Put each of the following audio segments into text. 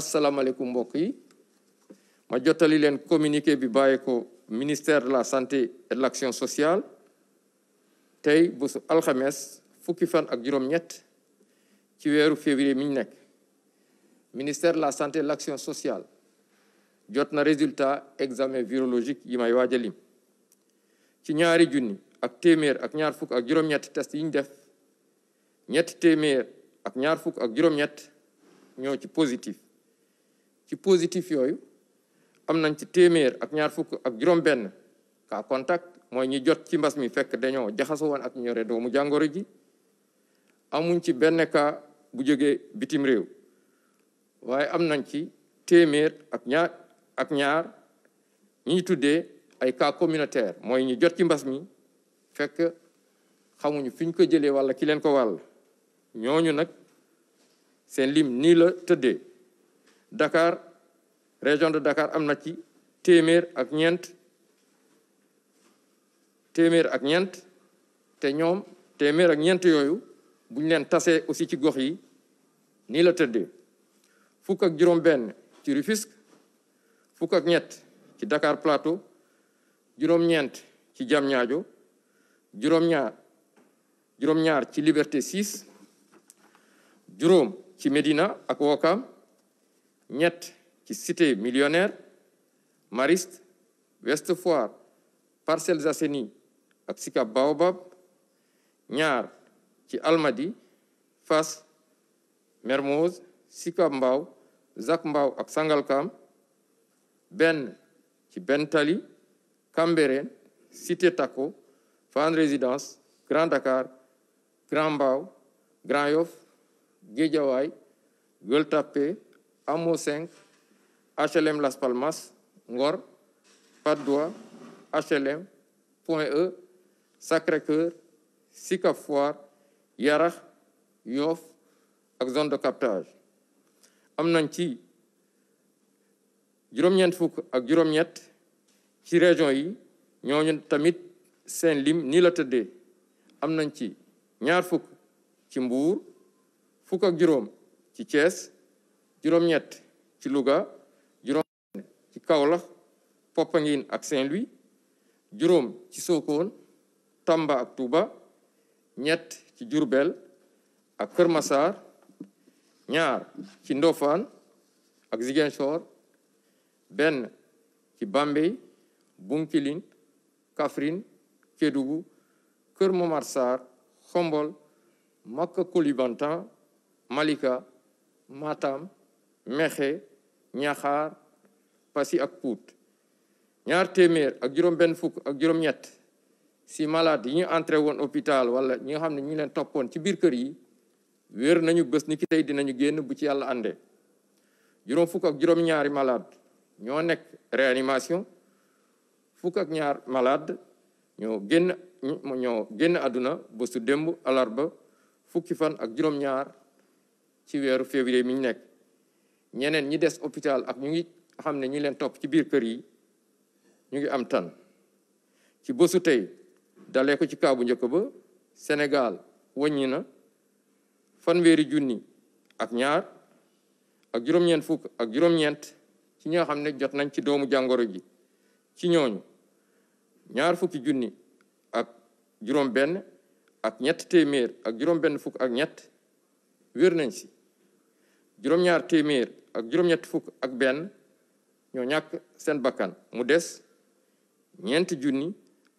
asalaamaaleykum mbokk yi ma jottali leen communiqué bi bàyyi ko ministère de la santé et de l'action sociale tey bésu alxames fukki fan ak juróom-ñett ci weeru février mi nekk ministère de la santé et de l'action sociale jot na résultat examen virologique yi may waaj ci ñaari junni ak téeméer ak ñaar ak juróom test yi ñu def ñetti téeméer ak ñaar fukk ak juróom-ñett ñoo ci positif ci positif yooyu am nañ ci téeméer ak ñaar fukk ak juróom-benn cas contact mooy ñi jot ci mbas mi fekk dañoo jaxasoo woon ak ñore doomu jàngoro ji amuñ ci benn kaa bu jógee bitim réew waaye am nañ ci téeméer ak ñaar ak ñi tuddee ay cas communautaire mooy ñi jot ci mbas mi fekk xamuñu fi ñu ko jëlee walla ki leen ko wàll ñooñu nag seen lim nii la tëddee Dakar région de Dakar am na ci téeméer ak ñeent téeméer ak ñeent te ñoom téeméer ak ñeent yooyu buñ leen tasee aussi ci gox yi nii la tëddee fukk ak juróom-benn ci Rufisque fukk ak ñett ci Dakar Plateau juróom-ñeent ci Diamniadio juróom-ñaar juróom-ñaar ci Liberté 6 juróom ci Médina ak Ouakam ñett ci cité millionnaire Mariste Ouest Foire Parcelles Assainies ak Sicap Baobab ñaar ci almadi fas Mermoz Sicap Mbao Zac Mbao ak Sangalkam benn ci Bène Tally Cambérène Cité Taco Résidence Grand Dakar Grand Mbao Grand Yoff Guédiawaye Gueule Amo 5 HLM Las Palmas Ngor Patte d'Oie HLM Point E Sacré-Cœur Sicap Foire Yarax Yoff ak zone de captage am nañ ci juróom-ñeent fukk ak juróom-ñett ci région yi ñooñu tamit seen lim nii la tëddee am nañ ci ñaar fukk ci Mbour fukk ak juróom ci Thiès juróom-ñett ci Louga juróom ci Kaolack Popenguine ak Saint-Louis juróom ci Sokone Tamba ak Touba ñett ci Diourbel ak Kër Massar ñaar ci Ndofane ak Ziguinchor benn ci Bambey Bunkiling Kaffrine Kédougou Kër Momar Sarr Xombol Maka Koulibantang Malika Matam mexe ñaxaar pasi ak puut ñaar téeméer ak juróom-benn fukk ak juróom-ñett si malade yi ñu entré woon hôpital wala ñi nga xam ne ñu leen toppoon ci biir kër yi wéer nañu bës ni ki tey dinañu génn bu ci yàlla àndee juróom fukk ak juróom-ñaari malade ñoo nekk réanimation fukk ak ñaar malade ñoo génn ñoo génn àdduna bésu démb alarba fukki fan ak juróom-ñaar ci weeru février mi ñu nekk ñeneen ñi des hôpital ak ñu ngi xam ne ñi leen topp ci biir kër yi ñu ngi am tan ci bésu tey dalee ko ci kaabu njëkk ba Sénégal wàññi na fanweeri junni ak ñaar ak juróom-ñeent fukk ak juróom-ñeent ci ñi xam ne jot nañ ci doomu jàngoro ji ci ñooñu ñaar fukki junni ak juróom-benn ak ñett téeméer ak juróom-benn fukk ak ñett wér nañ si juróom-ñaar téeméer ak juróom-ñetti fukk ak benn ñoo ñàkk seen bakkan mu des ñeenti junni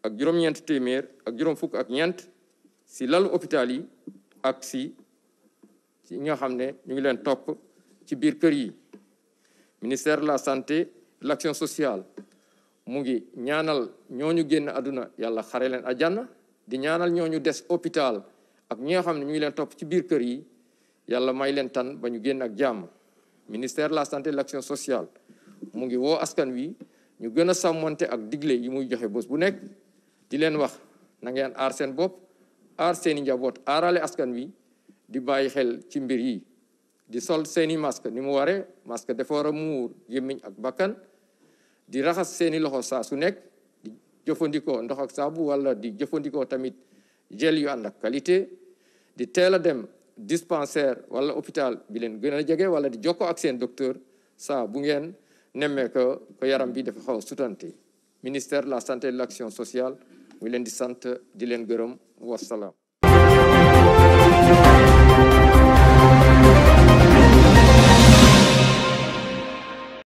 ak juróom-ñeenti téeméer ak juróom fukk ak ñeent si lalu hôpital yi ak si ci ñi xam ne ñu ngi leen topp ci biir kër yi ministère la santé l'action sociale mu ngi ñaanal ñoo ñu génn àdduna yàlla xare leen àjjana di ñaanal ñoo ñu des hôpital ak ñi nga xam ne ñu ngi leen topp ci biir kër yi yàlla may leen tan ba ñu génn ak jàmm ministère la santé et de l'action sociale mu ngi woo askan wi ñu gën a sàmmonte ak digle yi muy joxe bos bu nekk di leen wax na ngeen aar seen bopp aar seeni njaboot aarale askan wi di bàyyi xel ci mbir yi di sol seeni masque ni mu waree masque dafa war a muur yémmiñ ak bakkan di raxas seeni loxo saa su nekk di jëfandikoo ndox ak saabu wala di jëfandikoo tamit gel yu ànd ak qualité di teel a dem dispensaire wala hôpital bi leen gën a jege wala di jokkoo ak seen docteur saa bu ngeen nemmee ko yaram bi dafa xaw a sutante ministère la santé de l'action sociale muy leen di sant di leen gërëm wasalaam